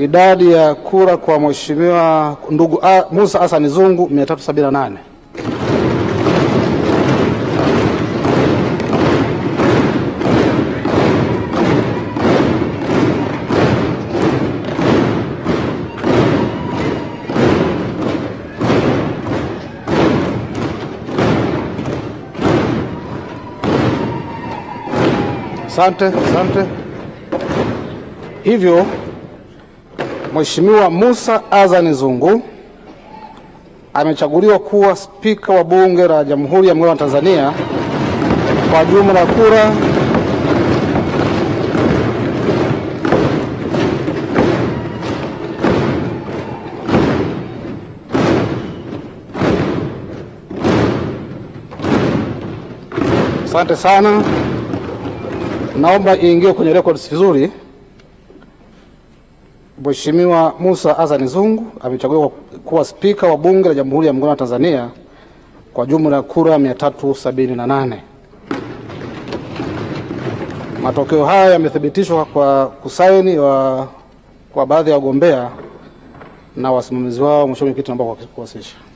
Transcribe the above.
Idadi ya kura kwa mheshimiwa ndugu a, ah, Musa Hassan Zungu 378. Asante, asante. Hivyo Mheshimiwa musa azan Zungu amechaguliwa kuwa spika wa bunge la Jamhuri ya Muungano wa Tanzania kwa jumla kura Asante sana, naomba iingie kwenye records vizuri. Mheshimiwa musa Azzan Zungu amechaguliwa kuwa spika wa bunge la Jamhuri ya Muungano wa Tanzania kwa jumla ya kura 378. Matokeo haya yamethibitishwa kwa kusaini wa, kwa baadhi ya wagombea na wasimamizi wao. Mheshimiwa Mwenyekiti, naomba kuwasilisha.